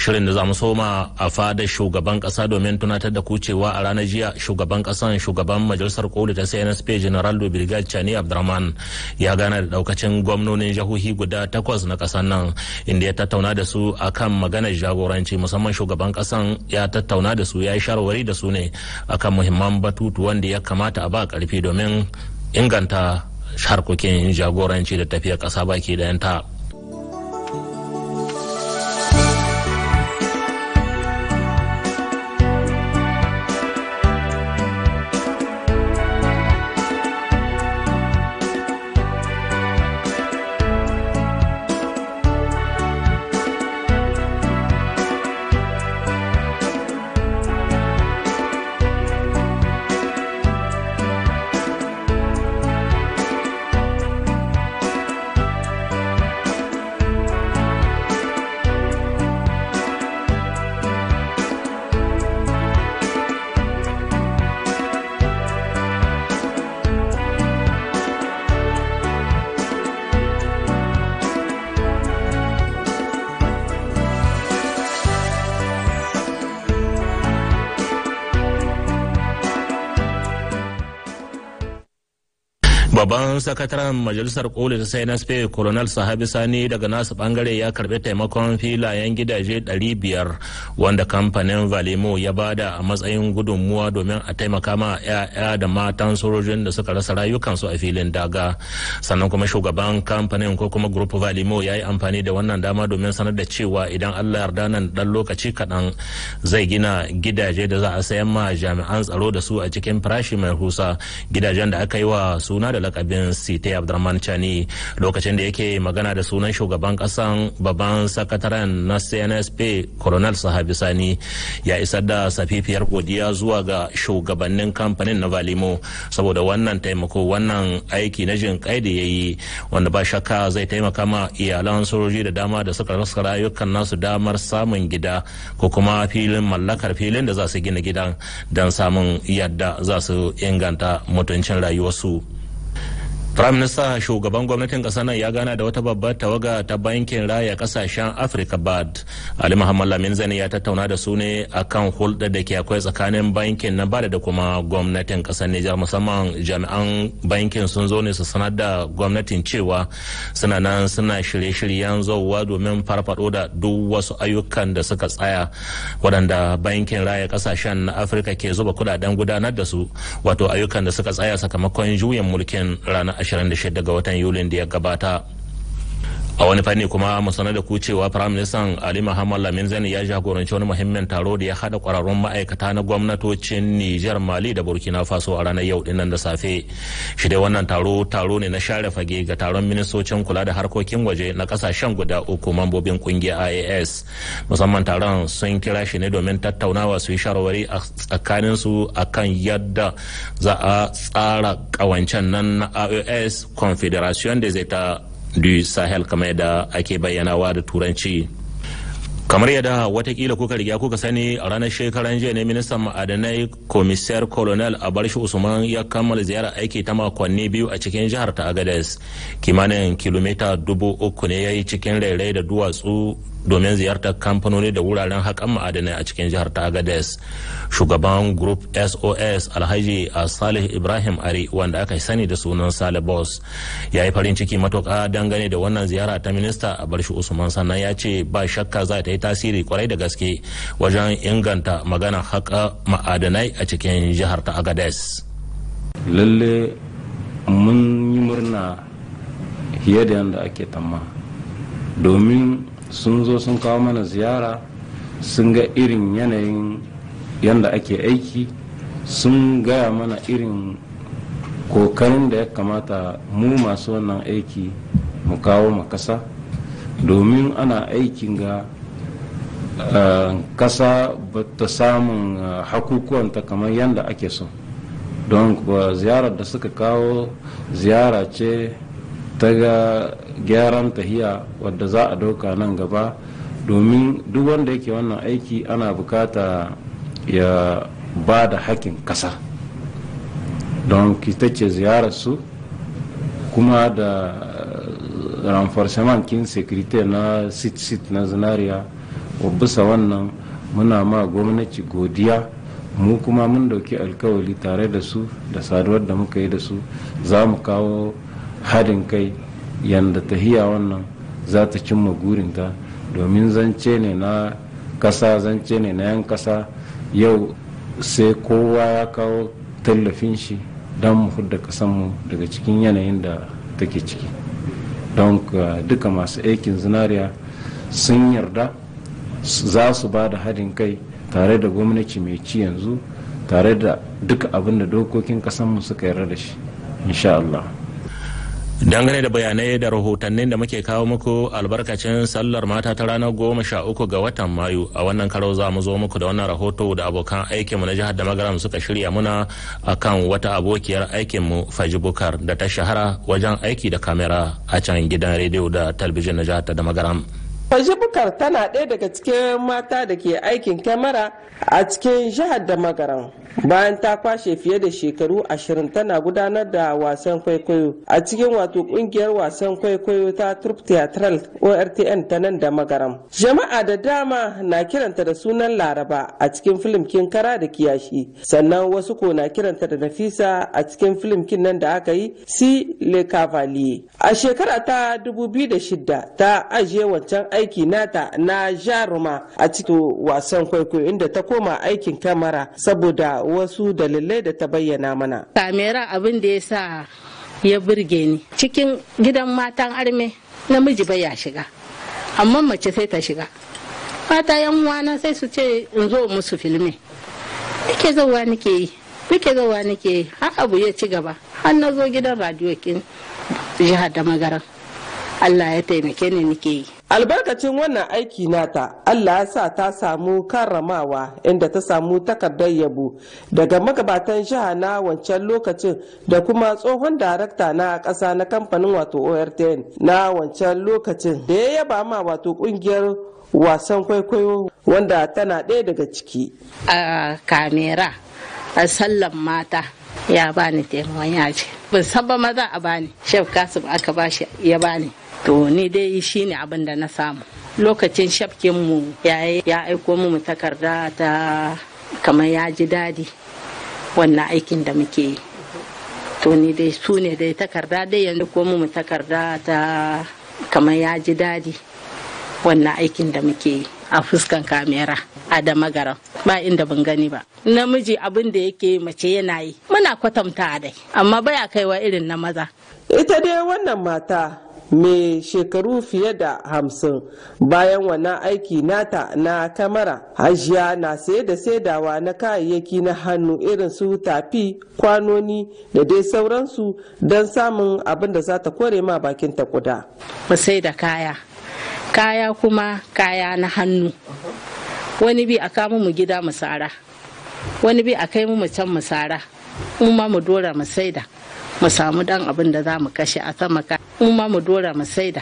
shirin da za mu soma a fadar shugaban kasa domin tunatar da kucewa a ranar jiya shugaban kasan shugaban majalisar koli ta cnsp general do brigade chani abdurrahman ya gana da daukacin gwamnonin jihohi guda takwas na kasan nan inda ya tattauna da su akan maganar jagoranci musamman shugaban kasan ya tattauna da su ya yi shawarwari da su ne akan muhimman batutu wanda ya kamata a ba karfi domin inganta harkokin jagoranci da tafiyar kasa baki yanta. Babban sakataren majalisar koli sai na Spain Colonel Sahabi Sani daga nasu bangare ya karbi taimakon filayen gidaje 500 wanda kamfanin Valimo ya bada a matsayin gudunmuwa domin a taimaka ma 'ya'ya da matan sojojin da suka rasa rayukansu a filin daga. Sannan kuma shugaban kamfanin ko kuma Group Valimo ya yi amfani da wannan dama domin sanar da cewa idan Allah yarda nan dan lokaci kaɗan zai gina gidaje da za a sayan ma jami'an tsaro da su a cikin farashi mai husa gidajen da aka yi wa suna da lakabin site abdurrahman chani lokacin da yake magana da sunan shugaban kasan babban sakataren na cnsp colonel sahabi sani ya isar da safifiyar godiya zuwa ga shugabannin kamfanin na valimo saboda wannan taimako wannan aiki na jin kai da ya yi wanda ba shakka zai taimaka ma iyalan sojoji da dama da suka rasa rayukan nasu damar samun gida ko kuma filin mallakar filin da za su gina gidan don samun yadda za su inganta mutuncin rayuwarsu. minister shugaban gwamnatin ƙasar nan ya gana da wata babbar tawaga ta bankin raya kasashen Afirka BAD. Ali Muhammad Lamin Zani ya tattauna da su ne akan hulɗa da ke akwai tsakanin bankin na BAD da kuma gwamnatin ƙasar Nijar musamman jami'an bankin sun zo ne su sanar da gwamnatin cewa suna nan suna shirye-shiryen zauwa domin farfaɗo da duk wasu ayyukan da suka tsaya waɗanda bankin raya kasashen na Afirka ke zuba kuɗaɗen gudanar da su wato ayyukan da suka tsaya sakamakon juyin mulkin ranar 26 daga watan yulin da ya gabata a wani fanni kuma mu sanar da ku cewa prime minister ali muhammad lamin zani ya jagoranci wani muhimmin taro da ya hada kwararrun ma'aikata na gwamnatocin nijar mali da burkina faso a ranar yau dinnan da safe shi dai wannan taro taro ne na share fage ga taron ministocin kula da harkokin waje na kasashen guda uku mambobin kungiyar ias musamman taron sun kira shi ne domin tattaunawa su yi shawarwari a tsakanin su akan yadda za a tsara kawancen nan na ios confederation da zai ta du sahel kamar da ake bayyanawa da turanci kamar yadda watakila kuka riga kuka sani a ranar shekaran jiya ne ministan ma'adanai komisar colonel barshi usman ya kammala ziyarar aiki ta makonni biyu a cikin jihar ta agades kimanin kilomita dubu uku ne ya yi cikin rairai da duwatsu domin ziyartar kamfanoni da wuraren haƙan ma'adanai a cikin jihar ta agadez shugaban group sos alhaji a salih ibrahim ari wanda aka sani da sunan salih boss ya yi farin ciki matuƙa dangane da wannan ziyara ta minista a barshi usman sannan ya ce ba shakka za ta yi tasiri kwarai da gaske wajen inganta magana haka ma'adanai a cikin jihar ta agades lalle mun yi murna fiye da yadda ake tamma domin sun zo sun kawo mana ziyara sun ga irin yanayin yadda ake aiki sun gaya mana irin kokarin da ya kamata mu masu wannan aiki mu kawo makasa domin ana aikin ga Eh, kasa bata ta samun eh, hakukuwanta kamar yadda ake so don kuwa ziyarar da suka kawo ziyara ce ta ga gyaran tahiya wadda za a dauka nan gaba domin duk wanda yake wannan aiki ana bukata ya ba da hakin kasa don ita ce ziyarar su kuma da eh, renforcement kin sekirite na sit-sit na zinariya bisa wannan muna ma gwamnati godiya mu kuma mun dauki alkawali tare da su da saduwar da muka yi da su za mu kawo hadin kai yadda ta tahiya wannan za ta cimma gurinta domin zance ne na ƙasa zance ne na 'yan ƙasa yau sai kowa ya kawo tallafin shi don mu hudda kasanmu daga cikin yanayin da take ciki don duka masu aikin zinariya sun yarda za su ba da haɗin kai tare da gwamnati mai ci yanzu tare da duka abin da dokokin kasanmu suka yarda da shi insha Allah. dangane da bayanai da rahotannin da muke kawo muku albarkacin sallar mata ta ranar goma sha uku ga watan mayu a wannan karo za mu zo muku da wannan rahoto da abokan aikinmu na jihar da magaram suka shirya muna akan wata abokiyar aikinmu faji bukar da ta shahara wajen aiki da kamera a can gidan rediyo da talbijin na jihar da magaram. Fashi tana ɗaya daga cikin mata da ke aikin kyamara a cikin jihar da magaran. Bayan ta kwashe fiye da shekaru ashirin tana gudanar da wasan kwaikwayo a cikin wato ƙungiyar wasan kwaikwayo ta Trup Theatral ORTN ta nan da magaram. Jama'a da dama na kiranta da sunan Laraba a cikin filim kin kara da kiyashi. Sannan wasu ko na kiranta da Nafisa a cikin filim kin nan da aka yi Si Le Cavalier. A shekara ta 2006 ta ajiye wancan aiki nata na jaruma a cikin wasan kwaikwayo inda ta koma aikin kamara saboda wasu dalilai da ta bayyana mana. Kamera abin da ya sa ya burge ni cikin gidan matan arme namiji bai ya shiga amma mace sai ta shiga mata yan uwana sai su ce in zo musu filmi nake zauwa nake yi nake zauwa nake yi har abu ya ci gaba har na zo gidan radiyo kin jihar da magaran Allah ya taimake ni nake yi albarkacin wannan aiki nata allah ya sa ta samu karramawa inda ta samu takardar yabo daga magabatan jiha na wancan lokacin da kuma tsohon darakta na ƙasa na kamfanin wato ortn na wancan lokacin da ya yaba ma wato ƙungiyar wasan kwaikwayo wanda tana ɗaya daga ciki a kamera a sallan mata ya bani taimakon yaji ban san ba maza a bani shef kasim aka bashi ya bani to ni dai ne abin da na samu lokacin shafkinmu mu ya aiko mu takarda ta kamar ya ji dadi wannan aikin da muke yi to ni dai su ne dai takarda dai yanzu ko mu takarda ta kamar ya ji dadi wannan aikin da muke yi a fuskan kamera a da magaran ba inda ban gani ba namiji abin da yake mace yana yi muna kwatanta dai amma baya kaiwa irin na maza ita dai wannan mata mai shekaru fiye da hamsin bayan wannan aiki nata na kamara hajiya na saye da saidawa na kayayyaki na hannu irin su tafi kwanoni da dai sauransu don samun abin da za ta kore ma bakin ta kuda sai da kaya kaya kuma kaya na hannu wani bi a kama mu gida mu wani bi a kai mu can mu kuma mu dora mu saida mu samu dan abin da za mu kashe a sama mu mu dora mu saida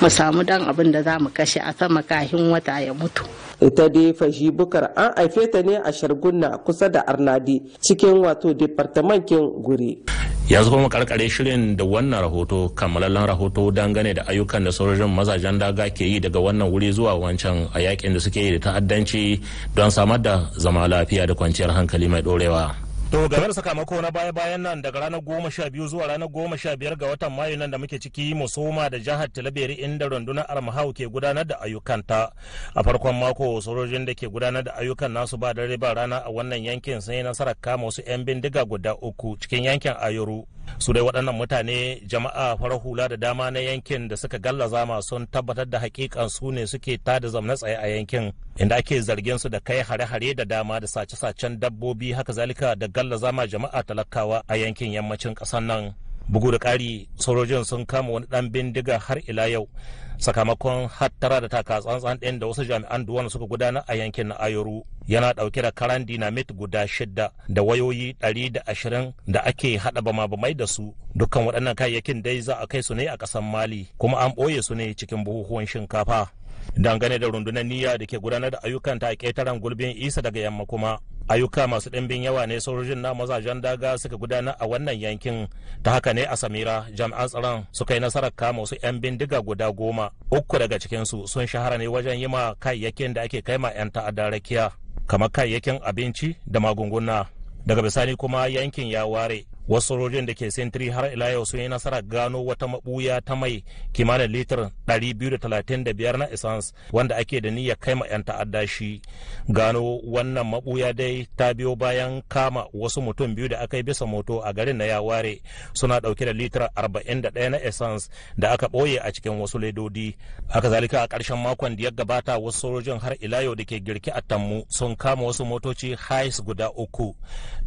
mu samu dan abin da za mu kashe a sama kahin wata ya mutu ita dai fashi bukar an haife ta ne a shargunna kusa da arnadi cikin wato departamentin guri ya zuba karkare shirin da wannan rahoto kammalallen rahoto dangane da ayyukan da sojojin mazajen daga ke yi daga wannan wuri zuwa wancan a yakin da suke yi da ta'addanci don samar da zama lafiya da kwanciyar hankali mai dorewa. To game da sakamako na baya-bayan nan daga ranar goma sha biyu zuwa ranar goma sha biyar ga watan Mayu nan da muke ciki Musoma da jihar Talabiri inda rundunar Armahau ke gudanar da ayyukanta. A farkon mako sojojin da ke gudanar da ayyukan nasu ba dare ba rana a wannan yankin sun yi nasarar kama wasu 'yan bindiga guda uku cikin yankin Ayoro. su dai waɗannan mutane jama'a farar hula da dama na yankin da suka gallaza ma sun tabbatar da hakikan su ne suke tada zamna tsaye a yankin inda ake zargin su da kai hare-hare da dama da sace-sacen dabbobi haka zalika da gallaza ma jama'a talakawa a yankin yammacin ƙasar nan bugu da ƙari sojojin sun kama wani ɗan bindiga har ila yau sakamakon hattara da taka tsantsan ɗin da wasu jami'an duwana suka gudana a yankin na ayoru yana ɗauke da karan dinamit guda shida da wayoyi ɗari da ashirin da ake haɗa bama bamai da su dukkan waɗannan kayayyakin dai za a kai su ne a ƙasar mali kuma an ɓoye su ne cikin buhuhuwan shinkafa dangane da rundunar niyya da ke gudanar da ayyukan ta a ƙetaren gulbin isa daga yamma kuma ayyuka masu ɗimbin yawa ne sojojin na mazajen daga suka gudanar a wannan yankin ta haka ne a samira jami'an tsaron suka yi nasarar kama wasu 'yan bindiga guda goma uku daga cikinsu sun shahara ne wajen yi ma kayayyakin da ake kai ma 'yan ta'adda rakiya kamar kayayyakin abinci da magunguna daga bisani kuma yankin ya ware wasu sojojin da ke sentiri har ila yau sun yi nasarar gano wata mabuya ta mai kimanin litir 235 na essence wanda ake da niyyar kai ma 'yan ta'adda shi gano wannan mabuya dai ta biyo bayan kama wasu mutum biyu da aka yi bisa moto a garin na yaware suna dauke da litir 41 na essence da aka boye a cikin wasu ledodi haka zalika a karshen makon da ya gabata wasu sojojin har ila yau da ke girki a tammu sun kama wasu motoci hais guda uku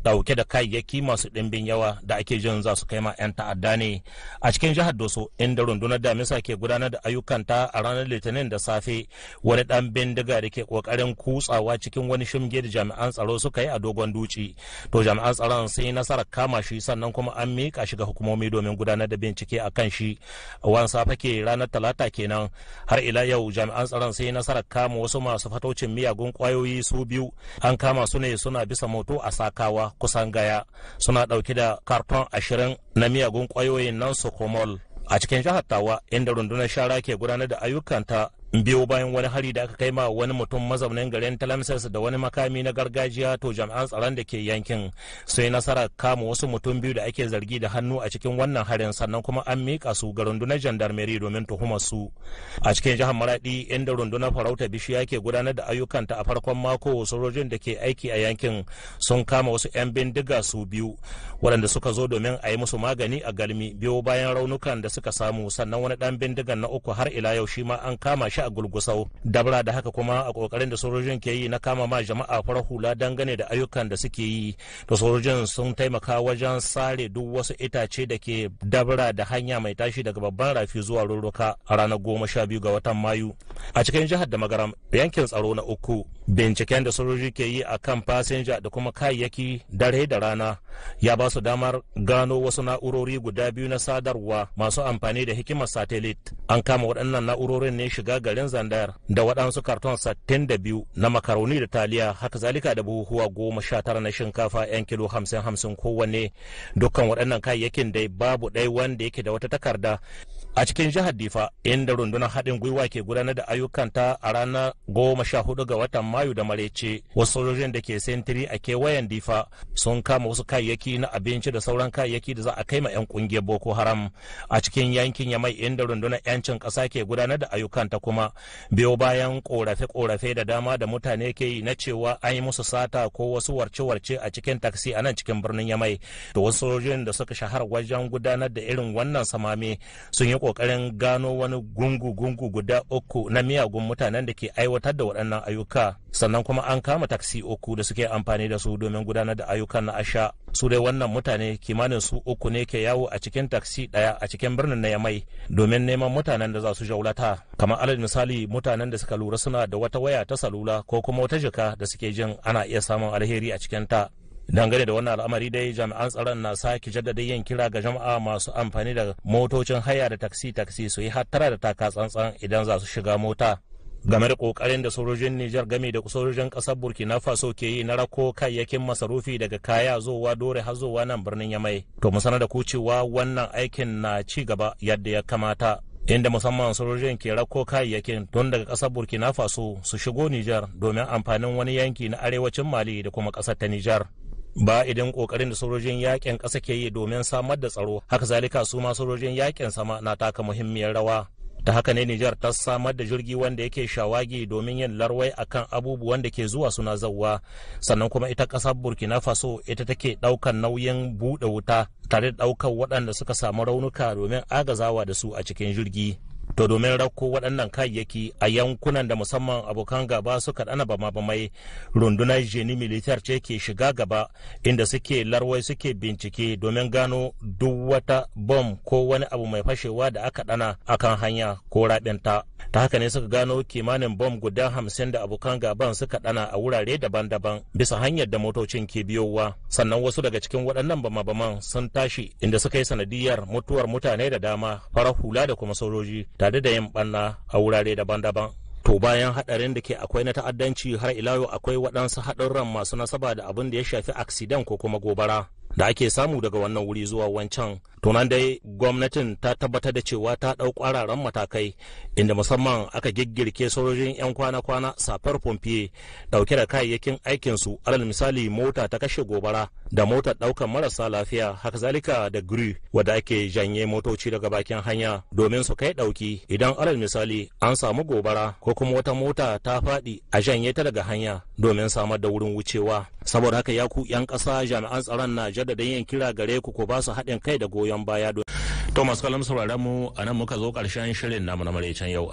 dauke da kayayyaki masu dimbin yawa da ake jin za su kai ma 'yan ta'adda ne a cikin jihar doso inda rundunar damisa ke gudanar da ayyukanta a ranar litinin da safe wani dan bindiga da ke kokarin kutsawa cikin wani shimge da jami'an tsaro suka yi a dogon duci to jami'an tsaron sun yi nasarar kama shi sannan kuma an miƙa shi ga hukumomi domin gudanar da bincike a kan shi wan safe ke ranar talata kenan har ila yau jami'an tsaron sun yi nasarar kama wasu masu fatocin miyagun kwayoyi su biyu an kama su ne suna bisa moto a sakawa kusan gaya suna ɗauke da karton ashirin na miyagun kwayoyin nan sokomol a cikin jihar tawa inda rundunar shara ke gudanar da ayyukanta biyo bayan wani hari da aka kai ma wani mutum mazaunin garin talamsas da wani makami na gargajiya to jami'an tsaron da ke yankin sai nasara kama wasu mutum biyu da ake zargi da hannu a cikin wannan harin sannan kuma an miƙa su ga rundunar jandarmeri domin tuhumar su a cikin jihar maradi inda rundunar farauta bishiya ke gudanar da ayyukanta a farkon mako sojojin da ke aiki a yankin sun kama wasu 'yan bindiga su biyu waɗanda suka zo domin a yi musu magani a galmi biyo bayan raunukan da suka samu sannan wani ɗan bindigan na uku har ila yau shi ma an kama shi a gulgusau dabra da haka kuma a kokarin da sojojin ke yi na kama ma jama'a farar hula dangane da ayyukan da suke yi da sojojin sun taimaka wajen sare duk wasu itace da ke dabra da hanya mai tashi daga babban rafi zuwa rurruka a ranar goma sha biyu ga watan mayu a cikin jihar da magaram yankin tsaro na uku binciken da sojoji ke yi a kan fasinja da kuma kayayyaki dare da rana ya ba su damar gano wasu na'urori guda biyu na sadarwa masu amfani da hikimar satelit an kama waɗannan na'urorin ne shiga garin zandar da waɗansu karton biyu na makaroni da taliya haka zalika da buhuhuwa goma sha tara na shinkafa 'yan kilo hamsin hamsin kowanne dukkan waɗannan kayayyakin dai babu ɗaya wanda yake da wata takarda a cikin jihar difa inda rundunar haɗin gwiwa ke gudanar da ayyukanta a ranar goma sha hudu ga watan mayu da marece wasu sojojin da ke sentiri a kewayen difa sun kama wasu kayayyaki na abinci da sauran kayayyaki da za a kai ma 'yan kungiyar boko haram a cikin yankin yamai inda rundunar 'yancin ƙasa ke gudanar da ayyukanta kuma biyo bayan korafe-korafe da dama da mutane ke yi na cewa an yi musu sata ko wasu warce-warce a cikin taksi a nan cikin birnin yamai da wasu sojojin da suka shahara wajen gudanar da irin wannan samame sun yi ƙoƙarin gano wani gungu-gungu guda uku na miyagun mutanen da ke aiwatar da waɗannan ayyuka sannan kuma an kama taksi uku da suke amfani da su domin gudanar da ayyukan na asha su dai wannan mutane kimanin su uku ne ke yawo a cikin taksi ɗaya a cikin birnin na yamai domin neman mutanen da za su jaulata kamar alal misali mutanen da suka lura suna da wata waya ta salula ko kuma wata jika da suke jin ana iya samun alheri a cikin ta dangane da wannan al'amari dai jami'an tsaron na sake jaddada yin kira ga jama'a masu amfani da motocin haya da taksi taksi su yi hattara da taka tsantsan idan za su shiga mota game da kokarin da sojojin Nijar game da sojojin kasar Burkina Faso ke yi na rako kayyakin masarufi daga kaya zowa dore har zuwa nan birnin Yamai to mu sanar da ku cewa wannan aikin na ci gaba yadda ya kamata inda musamman sojojin ke rako kayyakin don daga kasar Burkina Faso su shigo Nijar domin amfanin wani yanki na arewacin Mali da kuma kasar ta Nijar ba idan kokarin da sojojin yakin ƙasa ke yi domin samar da tsaro haka zalika su ma sojojin yakin sama na taka muhimmiyar rawa ta haka ne Nijar ta samar da jirgi wanda yake shawagi domin yin larwai akan abubuwan da ke zuwa suna zauwa sannan kuma ita ƙasar Burkina Faso ita take ɗaukan nauyin buɗe wuta tare da ɗaukar waɗanda suka samu raunuka domin agazawa da su a cikin jirgi to domin rakko waɗannan kayayyaki a yankunan da musamman abokan gaba suka ɗana bamabamai mai rundunar jini militar ce ke shiga gaba inda suke larwai suke bincike domin gano duk wata bom ko wani abu mai fashewa da aka ɗana akan hanya ko raɓinta ta haka ne suka gano kimanin bom guda hamsin da abokan gaban suka ɗana a wurare daban-daban bisa hanyar da motocin ke biyowa sannan wasu daga cikin waɗannan bama-baman sun tashi inda suka yi sanadiyar mutuwar mutane da dama farar hula da kuma sojoji tare da yin banna a wurare daban-daban to bayan haɗarin da ke akwai na ta'addanci har ila yau akwai waɗansu haɗurran masu nasaba da abin da ya shafi aksidan ko kuma gobara da ake samu daga wannan wuri zuwa wancan tunan dai gwamnatin ta tabbatar da cewa ta ɗau ƙwararren matakai inda musamman aka giggirke sojojin 'yan kwana-kwana safar fomfiye ɗauke da kayayyakin aikinsu alal misali mota ta kashe gobara da mota ɗaukar marasa lafiya haka zalika da gri wadda ake janye motoci daga bakin hanya domin su kai ɗauki idan alal misali an samu gobara ko kuma wata mota ta faɗi a janye ta daga hanya domin samar da wurin wucewa saboda haka ya ku 'yan ƙasa jami'an tsaron na jaddada yin kira gare ku ko ba su haɗin kai da goyon baya. Thomas Kalam sauraron mu a nan muka zo ƙarshen shirin namu na maraicen yau.